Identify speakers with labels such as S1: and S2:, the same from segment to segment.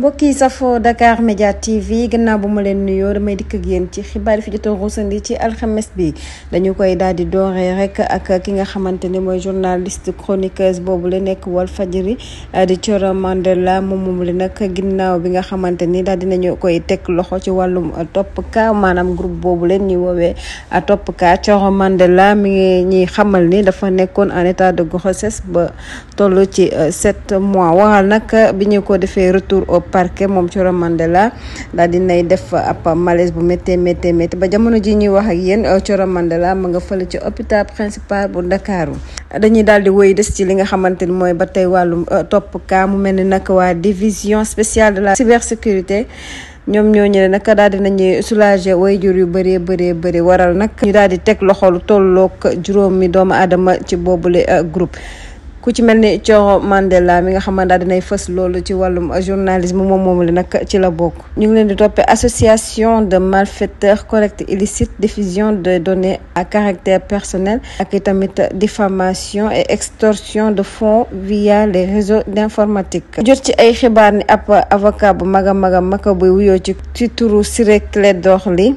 S1: mbokki safo Dakar Media TV gannaaw bu ma leen nuyoo damay dikk ak ci xibaar yi fi jot a ruusandi ci alxames bi dañu koy daal di dooree rek ak ki nga xamante ni mooy journaliste chroniqueuse boobu la nekk Walfadjri di Thioro Mandela moom moom la nag ginnaaw bi nga xamante ni daal dinañu koy tek loxo ci wàllum topp ka maanaam groupe boobu leen ñuy woowee topp ka Thioro Mandela mi ngi ñuy xamal ni dafa nekkoon en état de grossesse ba toll ci euh, sept mois waral nag bi ñu ko defee retour parquet moom Coro Mandela daal dinay def ab malaise bu méttee méttee méttee ba jamono ji ñuy wax ak yéen Coro euh, Mandela ma nga fële ci hôpital principal bu Ndakaaru dañuy daal di woy des ci li nga xamante ni mooy ba tey wàllu euh, topp kaa mu mel ni nag waa division spéciale de la sécurité ñoom ñoo ñëwee nag daal di nañuy soulager wayjur yu bëree bëree bëri waral nag ñu daal di teg loxo lu tolloog juróomi doomu aadama ci boobule euh, groupe. ku ci mel ni Thioro Mandela mi nga xam ne dinay fës loolu ci wàllum journalisme moom moom la nag ci la bokk. ñu ngi leen di toppee association de malfaiteurs collecte illicite diffusion de données à caractère personnel ak i tamit diffamation et extorsion de fonds via les réseaux d'informatique. jot ci ay xibaar ni ab avocat bu mag a mag a mag buy wuyoo ci ci turu Ciré Clédor Ly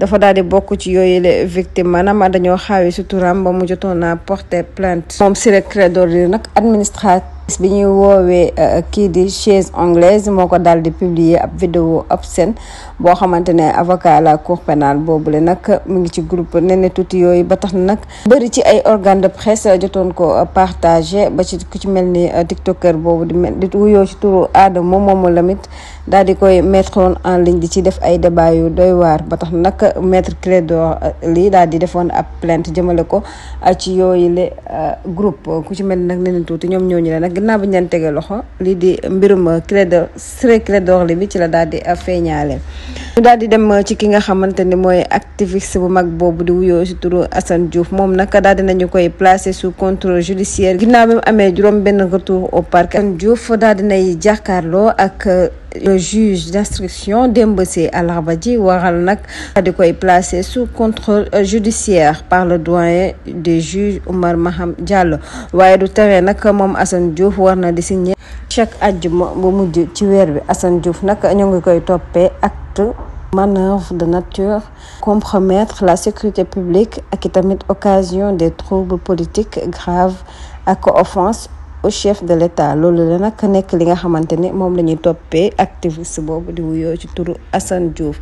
S1: dafa daal di bokk ci yooyu les victimes maanaam dañoo xaawi suturam ba mu jotoon a porter plainte moom Ciré Clédor Ly nag administrateur bi ñuy woowee euh, kii di chaise anglaise moo ko daal di publier ab vidéo obscène boo xamante ne avocat la cour pénale boobule nag mu ngi ci groupe Nene Tuuti yooyu ba tax na nag bëri ci ay organe de presse jotoon ko partagé ba ci ku ci mel ni euh, tiktoker boobu di mel di wuyoo ci turu Adamo moomu lamit daal di koy mettre en ligne di ci def ay débat yu doy waar ba tax nag maître Clédor lii daal di defoon ab plainte jëmale ko euh, ci yooyu le euh, groupe ku ci mel ni nag Nene Tuuti ñoom ñooñu la nag ginnaaw bi ñu leen tegee loxo lii di mbirum Clédor Ciré Clédor Ly bi ci la daal di feeñaaleel ñu di dem euh, ci ki nga xamante ni mooy activiste bu mag boobu di wuyoo si turu Assane Diouf moom nag daal di nañu koy placé sous contrôle judiciaire ginnaaw bi mu amee juróom benn retour au parc Assane Diouf daal di nay jàkkaarloo ak. Euh, le juge d'instruction démb ji waral nag di koy placé sous contrôle euh, judiciaire par le doyen des juges Oumar Maham Diallo waaye du tere nag moom Assane Diouf war na di signé chaque àjjuma bu mujj ci weer bi Assane Diouf nag ñu ngi koy toppee ak manœuvre de nature compromettre la sécurité publique ak itamit occasion des troubles politiques graves ak offense au chef de l'État loolu la nag nekk li nga xamante ni moom la ñuy toppee activiste boobu di wuyoo ci turu Assane Diouf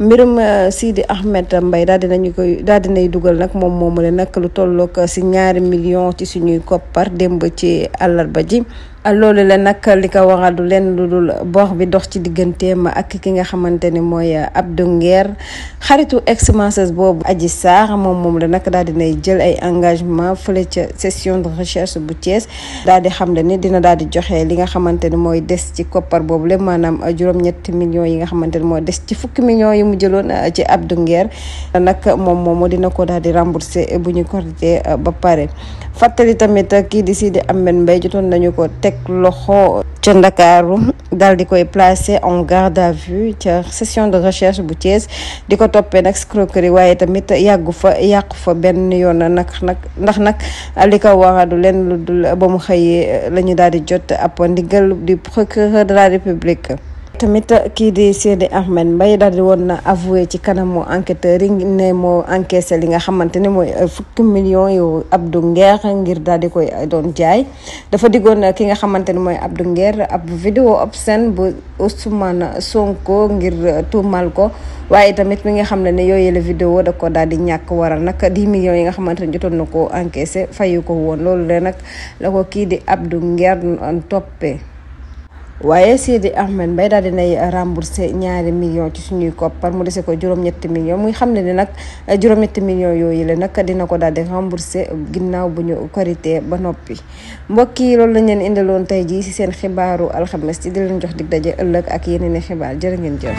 S1: mbirum euh, Sidi Ahmed Mbaye daal dinañu koy daal dinay dugal nag moom moomu le nag lu tolloog euh, si ñaari million ci suñuy koppar démb ci àllarba ji Ah, loolu la nag li ko waral du leen lu dul bor bi dox ci digganteem ak ki nga xamante ni mooy Abdou Nguer xaritu ex boobu aji Sarr moom moom la nag daal nay jël ay engagement fële ca session de recherche bu Thiès daal di xam ne ni dina daal di joxe li nga xamante ni mooy des ci koppar boobu le maanaam juróom-ñetti yi nga xamante ni moo des ci fukki millions yi mu jëloon ah, ci Abdou Nguer nag moom moomu dina ko daal di rembourser bu ñu korité ah, ba pare fàttali tamit kii di Sidi Ahmed Mbaye jotoon nañu ko teg loxo ca Ndakaaru daal di koy placé en garde à vue ca session de recherche bu Thiès di ko toppee nag escroquerie waaye tamit yàggu fa yàqu fa benn yoon nag nag ndax nag li ko waradu leen lu dul ba mu xëyee la ñu daal di jot ab ndigal du procureur de la République tamit kii di Seydi Ahmed Mbaye daal di woon na avoué ci kanamu enquêteurs yi ne moo encaissé li nga xamante ne mooy fukki millions yu Abdou Nguer ngir daal di koy doon jaay dafa diggoon ki nga xamante ne mooy Abdou Nguer ab video vidéo obscène bu Ousmane Sonko ngir tuumal ko waaye tamit mi nga xam ne ne yooyu la vidéo da ko daal di ñàkk waral nag di millions yi nga xamante ne jotoon na ko encaissé fayu ko woon loolu de nag la ko kii di Abdou Nguer toppee. waaye Sidi Ahmed bay daal dinay remboursé ñaari millions ci suñuy koppar mu dese ko juróom-ñetti millions muy xam ne ni nag juróom-ñetti millions yooyu le nag dina ko daal di remboursé ginnaaw bu ñu korité ba noppi mbokk yi loolu lañ leen indiloon tey jii ci seen xibaaru alxames ci di leen jox dig dajee ëllëg ak yeneen xibaar jërë ngeen jëf